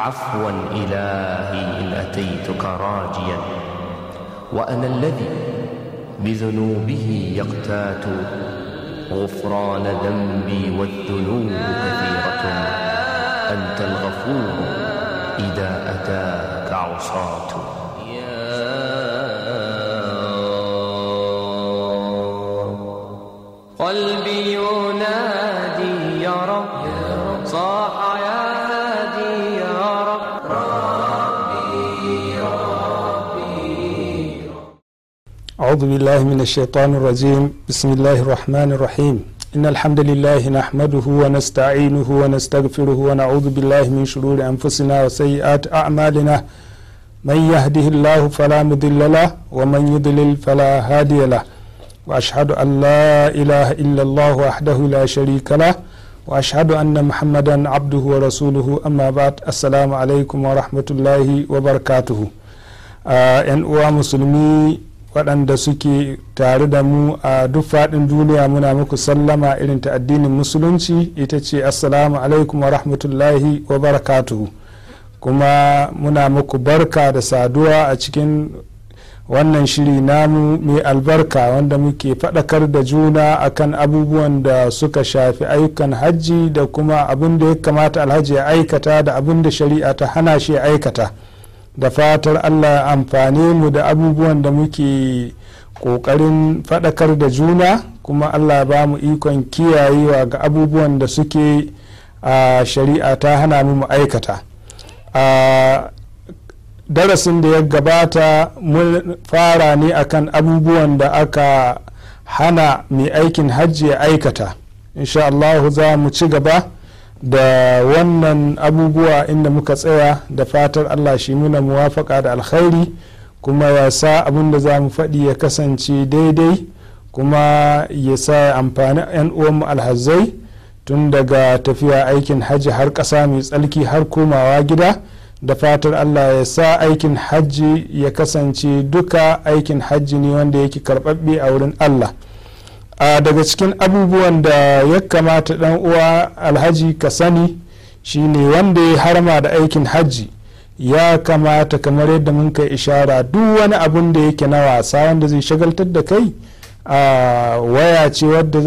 عفوا إلهي إن أتيتك راجيا وأنا الذي بذنوبه يقتات غفران ذنبي والذنوب كثيرة أنت الغفور إذا أتاك عصاة قلبي أعوذ بالله من الشيطان الرجيم بسم الله الرحمن الرحيم إن الحمد لله نحمده ونستعينه ونستغفره ونعوذ بالله من شرور أنفسنا وسيئات أعمالنا من يهده الله فلا مضل له ومن يضلل فلا هادي له وأشهد أن لا إله إلا الله وحده لا شريك له وأشهد أن محمدا عبده ورسوله أما بعد السلام عليكم ورحمة الله وبركاته آه أن أوا مسلمي waɗanda suke tare da mu a duk faɗin duniya muna muku sallama irin ta addinin musulunci ita ce assalamu alaikum wa rahmatullahi wa barakatu kuma muna muku barka da saduwa a cikin wannan shiri namu mai albarka wanda muke faɗakar da juna akan abubuwan da suka shafi aikan hajji da kuma abin da ya kamata alhaji ya aikata da abin da shari'a ta hana shi ya aikata. da fatar allah amfani mu da abubuwan da muke kokarin fadakar da juna kuma allah ba mu ikon kiyayewa ga abubuwan da suke a shari'a ta hana mu aikata a darasin da ya gabata mun fara ne akan abubuwan da aka hana mai aikin hajji ya aikata insha allahu za mu ci gaba da wannan abubuwa inda muka tsaya da fatar allah shi muna muwafaka da alkhairi kuma ya sa abin da za mu faɗi ya kasance daidai kuma ya sa ya amfani 'yan uwanmu alhazai tun daga tafiya aikin hajji har ƙasa mai tsalki har komawa gida da fatar allah ya sa aikin hajji ya kasance duka aikin hajji ne wanda yake karɓaɓɓe a wurin allah a daga cikin abubuwan da ya kamata dan uwa alhaji ka sani shine wanda ya harma da aikin hajji ya kamata kamar yadda mun kai ishara duk wani abun da yake na wasa wanda zai shagaltar da kai a waya ce wadda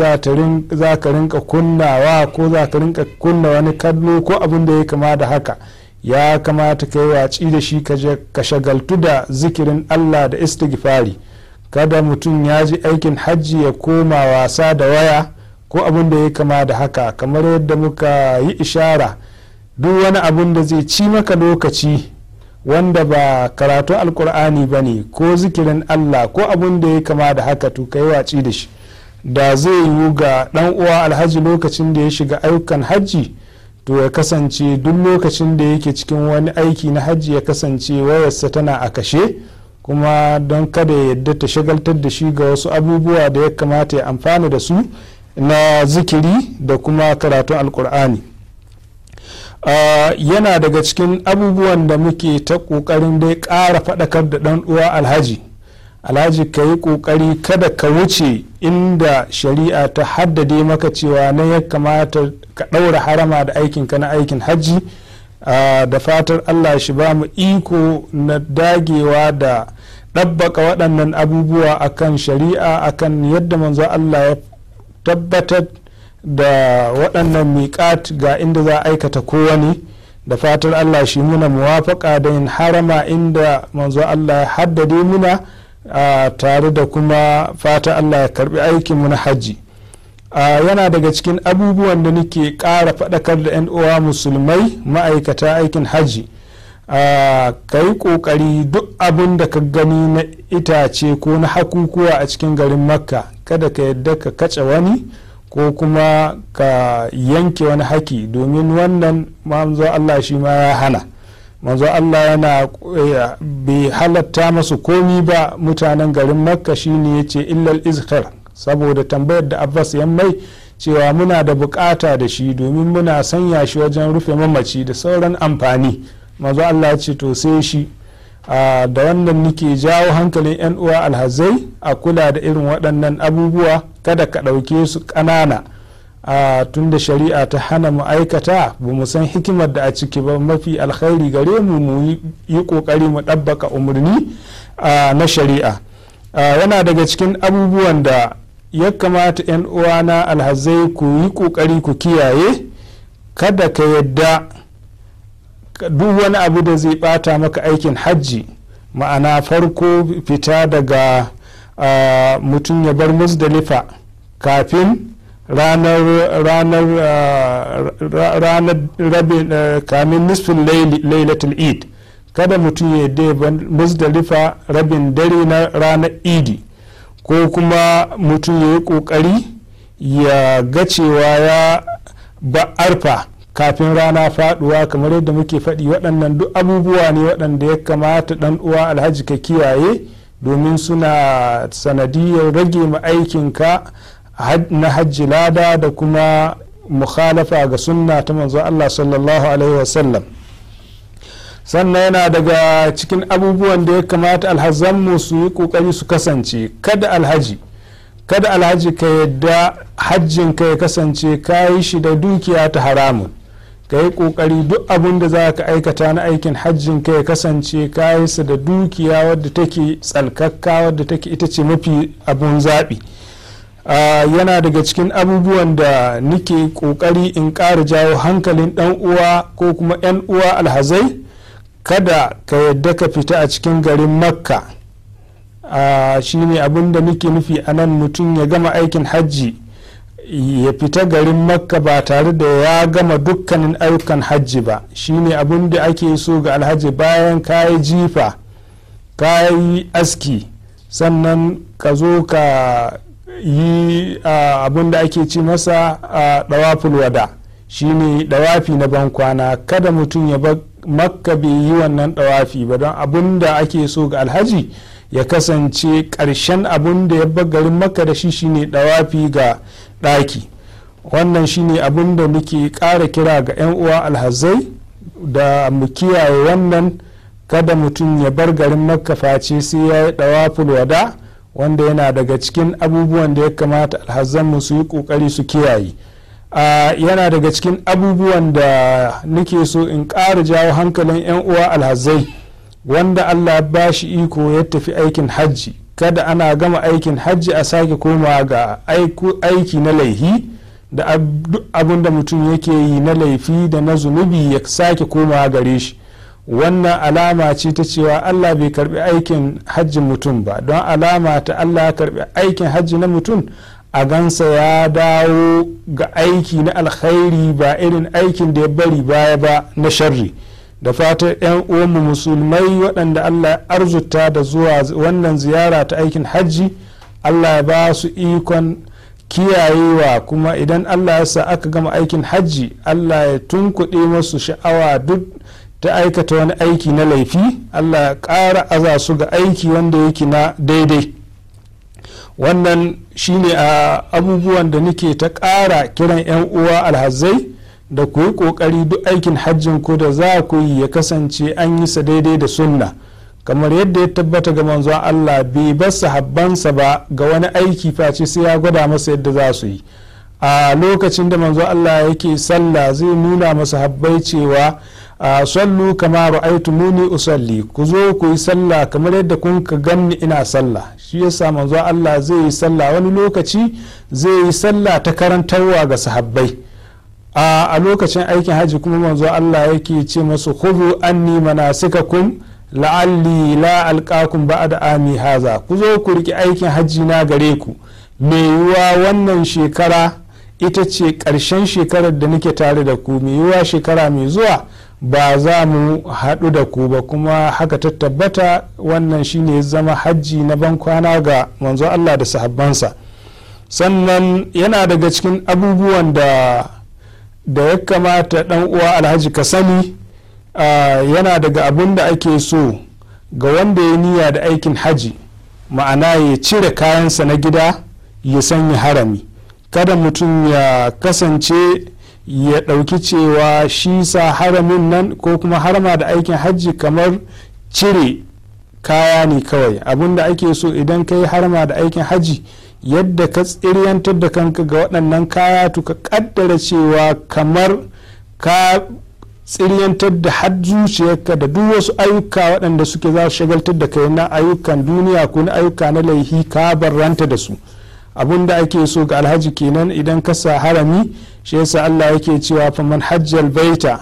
za ka rinka kunnawa ko za ka rinka kunna wani kallo ko abun da ya kama da haka ya kamata ka yi watsi da shi ka shagaltu da zikirin allah da istighfari kada mutum ya ji aikin hajji ya koma wasa da waya ko abin da ya kama da haka kamar yadda muka yi ishara duk wani abin da zai ci maka lokaci wanda ba karatu alkur'ani ba ne ko zikirin allah ko abin da ya kama da haka to ka yi watsi da shi da zai yiwu ga dan uwa alhaji lokacin da ya shiga ayyukan hajji to ya kasance duk lokacin da yake cikin wani aiki na hajji ya kasance wayarsa tana a kashe kuma don kada ya yadda ta shagaltar da shi ga wasu abubuwa da ya kamata ya amfana da su na zikiri da kuma karatun alkur'ani yana daga cikin abubuwan da muke ta ƙoƙarin dai ƙara faɗakar da ɗan uwa alhaji alhaji ka yi ƙoƙari kada ka wuce inda shari'a ta haddade maka cewa na ya kamata ka ɗaura harama da aikinka na aikin hajji da fatar allah shi ba mu iko na dagewa da ɗabbaka waɗannan abubuwa akan shari'a akan yadda manzo Allah ya tabbatar da waɗannan miƙat ga inda za a aikata kowane da fatar Allah shi muna muwafaƙa da yin harama inda manzo Allah ya haddade muna tare da kuma fata Allah ya karbi aikin mu na hajji yana daga cikin abubuwan da nake ƙara faɗakar da 'yan uwa musulmai ma'aikata aikin hajji ka yi ƙoƙari duk abin da ka gani na itace ko na hakukuwa a cikin garin makka kada ka yadda ka kace wani ko kuma ka yanke wani haki domin wannan manzo Allah shi ma ya hana manzo Allah yana eh, bai halatta masu komi ba mutanen garin makka shine ya ce illal izhar saboda tambayar da abbas yan mai cewa muna da bukata da shi domin muna sanya shi wajen rufe mamaci da sauran amfani mazu Allah ce to sai shi da wannan nike jawo hankalin 'yan uwa alhazai a kula da irin waɗannan abubuwa kada ka ɗauke su ƙanana tun da shari'a ta hana mu aikata ba mu san hikimar da a ciki ba mafi alkhairi gare mu mu yi ƙoƙari mu ɗabbaka umarni na shari'a yana daga cikin abubuwan da ya kamata 'yan uwa na alhazai ku yi ƙoƙari ku kiyaye kada ka yadda duk wani abu da zai bata maka aikin hajji ma'ana farko fita daga mutum ya bar musdalifa kafin ranar kamin nisfin lailatul eid kada mutum ya deba musdalifa rabin dare na ranar idi ko kuma mutum ya yi kokari ya ga cewa ya ba arfa kafin rana faduwa kamar yadda muke faɗi waɗannan duk abubuwa ne waɗanda ya kamata ɗan uwa alhaji ka kiyaye domin suna sanadiyar rage ma aikinka na hajji lada da kuma mukhalafa ga sunna ta manzo Allah sallallahu alaihi wasallam sannan yana daga cikin abubuwan da ya kamata alhazan mu su yi kokari su kasance kada alhaji kada alhaji ka yadda hajjin ka ya kasance ka yi shi da dukiya ta haramun ka yi ƙoƙari duk abin da za ka aikata na aikin hajjin ka ya kasance ka yi su da dukiya wadda take tsalkakka wadda take ita ce mafi abin zaɓi yana daga cikin abubuwan da nike ƙoƙari in ƙara jawo hankalin ɗan uwa ko kuma 'yan uwa alhazai kada ka yadda ka fita a cikin garin makka shine abin da nike nufi a nan mutum ya gama aikin hajji ya fita garin makka ba tare da ya gama dukkanin ayyukan hajji ba shine abin da ake so ga alhaji bayan ka yi jifa ka yi aski sannan ka zo ka yi abin da ake ci masa a dawafin wada shine dawafi na bankwana kada mutum ya bar makka bai yi wannan dawafi ba don abin da ake so ga alhaji ya kasance karshen abin da ya bar garin makka da shi shine dawafi ga ɗaki wannan shine abin da muke kara kira ga 'yan uwa alhazai da mu kiyaye wannan kada mutum ya bar garin makka face sai ya yi ɗawaful wada wanda yana daga cikin abubuwan da ya kamata alhazanmu su yi ƙoƙari su kiyaye yana daga cikin abubuwan da nake so in ƙara jawo hankalin 'yan uwa alhazai wanda allah ba shi iko ya tafi aikin hajji kada ana gama aikin hajji a sake koma ga aiki na laifi da abin da mutum yake yi na laifi da na zunubi ya sake koma gare shi wannan alama ce ta cewa allah bai karbi aikin hajji mutum ba don alama ta allah ya karbi aikin hajji na mutum a gansa ya dawo ga aiki na alkhairi ba irin aikin da ya bari baya ba na sharri da fatan 'yan uwanmu musulmai waɗanda allah ya arzuta da zuwa wannan ziyara ta aikin hajji allah ya ba su ikon kiyayewa kuma idan allah ya sa aka gama aikin hajji allah ya tunkuɗe masu sha'awa duk ta aikata wani aiki na laifi allah ya ƙara aza su ga aiki wanda yake na daidai wannan shine a ah, abubuwan da nike ta ƙara kiran 'yan uwa alhazai da ku yi kokari duk aikin hajjin ku da za ku yi ya kasance an yi sa daidai da sunna kamar yadda ya tabbata ga manzon Allah bai bar sahabbansa ba ga wani aiki face sai ya gwada masa yadda za su yi a lokacin da manzo Allah yake sallah zai nuna masa habbai cewa a sallu kama muni usalli ku zo ku yi sallah kamar yadda kun ka ganni ina sallah shi yasa manzo Allah zai yi sallah wani lokaci zai yi sallah ta karantarwa ga sahabbai a lokacin aikin hajji kuma manzo Allah yake ce masu khudhu anni manasikakum la'alli la alqakum ba'da ami haza ku zo ku riki aikin hajji na gare ku me yuwa wannan shekara ita ce ƙarshen shekarar da nake tare da ku me yuwa shekara mai zuwa ba za mu haɗu da ku ba kuma haka ta tabbata wannan shine zama hajji na ban kwana ga manzo Allah da sahabbansa sannan yana daga cikin abubuwan da da ya kamata dan uwa alhaji ka sani yana daga abin da ake so ga wanda ya niya da aikin haji ma'ana ya cire kayansa na gida ya sanya harami kada mutum ya kasance ya ɗauki cewa shi sa haramin nan ko kuma harama da aikin haji kamar cire kaya ne kawai da ake so idan ka yi harama da aikin haji. yadda ka tsiriyantar da kanka ga waɗannan kaya to ka kaddara cewa kamar ka tsiryantar da har zuciyarka da duk wasu ayyuka waɗanda suke za su shagaltar da kai na ayyukan duniya ko na ayyuka na laihi ka barranta da su abin da ake so ga alhaji kenan idan ka sa harami shi yasa Allah yake cewa fa man hajjal baita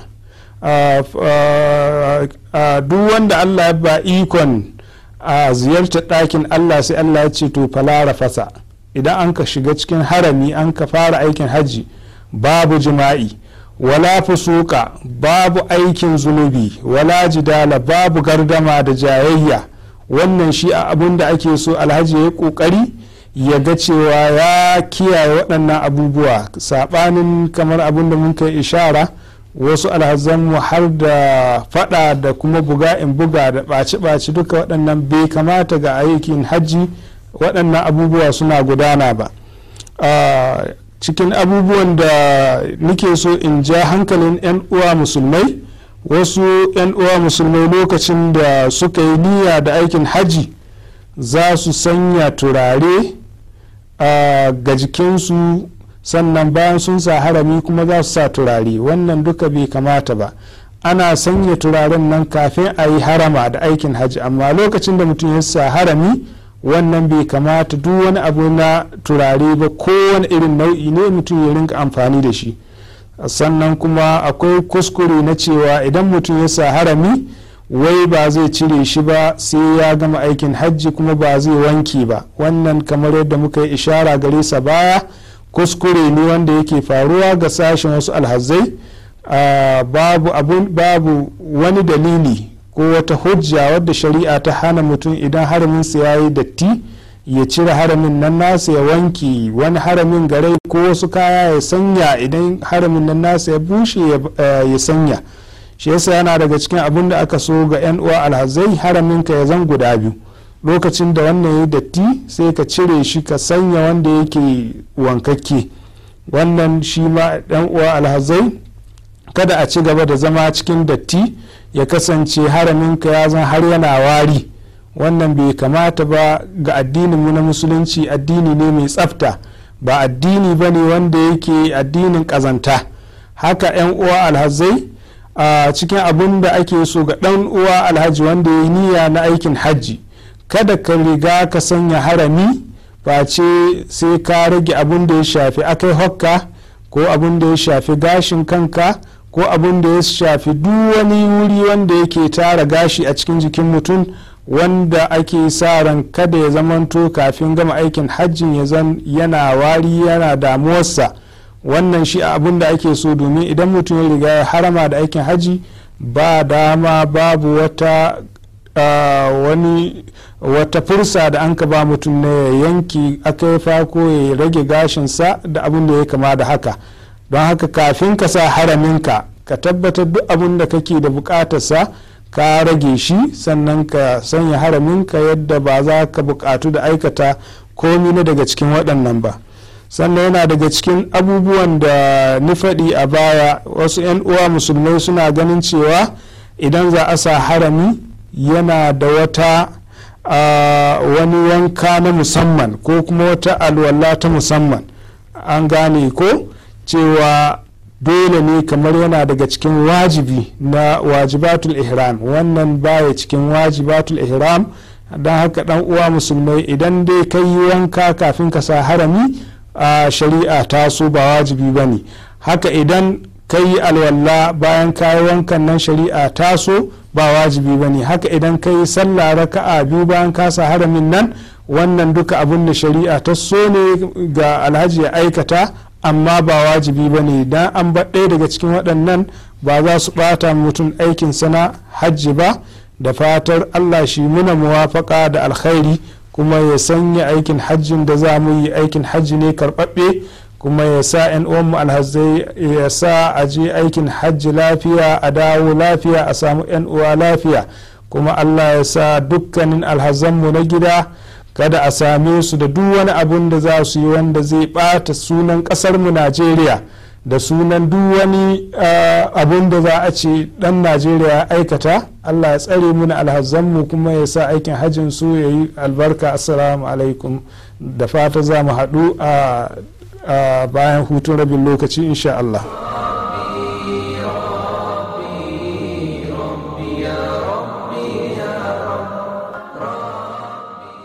duk wanda Allah ya ba ikon a ziyartar ɗakin Allah sai Allah ya ce to fala rafasa idan an ka shiga cikin harami an ka fara aikin hajji babu jima'i wala fusuka babu aikin zunubi wala jidala babu gardama da jayayya wannan shi a abun da ake so alhaji ya kokari ya ga cewa ya kiyaye waɗannan abubuwa saɓanin kamar abun da muka ishara wasu alhazanmu har da fada da kuma buga in buga da ɓaci-ɓaci duka waɗannan bai kamata ga aikin hajji waɗannan abubuwa suna gudana ba cikin abubuwan da nike so in ja hankalin 'yan uwa musulmai wasu 'yan uwa musulmai lokacin da suka yi niyya da aikin haji za su sanya turare ga jikinsu sannan bayan sun sa harami kuma za su sa turare wannan duka bai kamata ba ana sanya turaren nan kafin a yi harama da aikin haji amma lokacin da mutum ya sa harami wannan bai kamata duk wani abu na turare ba kowane irin nau'i ne mutum ya rinka amfani da shi sannan kuma akwai kuskure na cewa idan mutum ya sa harami wai ba zai cire shi ba sai ya gama aikin hajji kuma ba zai wanke ba wannan kamar yadda muka yi ishara gare sa baya kuskure ne wanda yake faruwa ga sashen wasu alhazai ah, babu wani dalili ko wata hujja wadda shari'a ta hana mutum idan haraminsa ya yi datti ya cire haramin nan nasa ya wanki wani haramin gare ko wasu kaya ya sanya idan haramin nan nasa ya bushe ya eh, sanya shi yasa yana daga cikin abin da aka so ga 'yan uwa alhazai haramin ka ya zan guda biyu lokacin da wannan ya yi datti sai ka cire shi ka sanya wanda yake wankakke wannan shi ma 'yan uwa alhazai kada a ci gaba da zama cikin datti ya kasance haraminka ya zan har yana wari wannan bai kamata ba ga addininmu na musulunci addini ne mai tsafta ba addini ba ne wanda yake addinin kazanta haka 'yan uwa alhazai a cikin abin da ake so ga dan uwa alhaji wanda ya yi niyya na aikin hajji kada ka riga ka sanya harami face sai ka rage abin da ya shafi akai hokka ko abin da ya shafi gashin kanka ko abin da ya shafi duk wani wuri wanda yake tara gashi a cikin jikin mutum wanda ake sa ran kada ya zamanto kafin gama aikin hajjin ya zan yana wari yana damuwarsa wannan shi abin da ake so domin idan mutum ya riga ya harama da aikin hajji ba dama babu wata Uh, wani wata fursa da an ka ba mutum na yanki aka ko ya rage gashinsa da abin da ya kama da haka don haka kafin ka sa haraminka ka tabbatar duk abin da kake da bukatarsa ka rage shi sannan ka sanya haraminka yadda ba za ka bukatu da aikata komi na daga cikin waɗannan ba sannan yana daga cikin abubuwan da ni faɗi a baya wasu 'yan uwa musulmai suna ganin cewa idan za a sa harami yana da wata wani wanka na musamman ko kuma wata alwala ta musamman an gane ko cewa dole ne kamar yana daga cikin wajibi na wajibatul ihram wannan baya cikin wajibatul ihram don haka dan uwa musulmai idan dai ka yi wanka kafin ka sa harami a shari'a ta so ba wajibi ba ne haka idan ka yi alwalla bayan ka yi wankan nan shari'a ta so ba wajibi ba ne haka idan ka yi sallah raka'a biyu bayan ka sa haramin nan wannan duka abin da shari'a ta so ne ga alhaji ya aikata amma ba wajibi ba ne don an ba daga cikin waɗannan ba za su ɓata mutum aikin sana hajji ba da fatar allah shi muna muwafaka da alkhairi kuma ya sanya aikin hajjin da za mu yi aikin hajji ne karɓaɓɓe kuma ya sa yan uwanmu alhazai ya sa a je aikin hajji lafiya a dawo lafiya a samu yan uwa lafiya kuma allah ya sa dukkanin alhazanmu na gida kada a same su da duk wani abun da za su yi wanda zai bata sunan mu najeriya da sunan duk wani ah, abun da za a ce ɗan najeriya aikata allah ya tsare mu na mu kuma ya sa aikin hajjin su ya yi albarka assalamu alaikum da fata za mu haɗu a bayan hutun rabin lokaci insha allah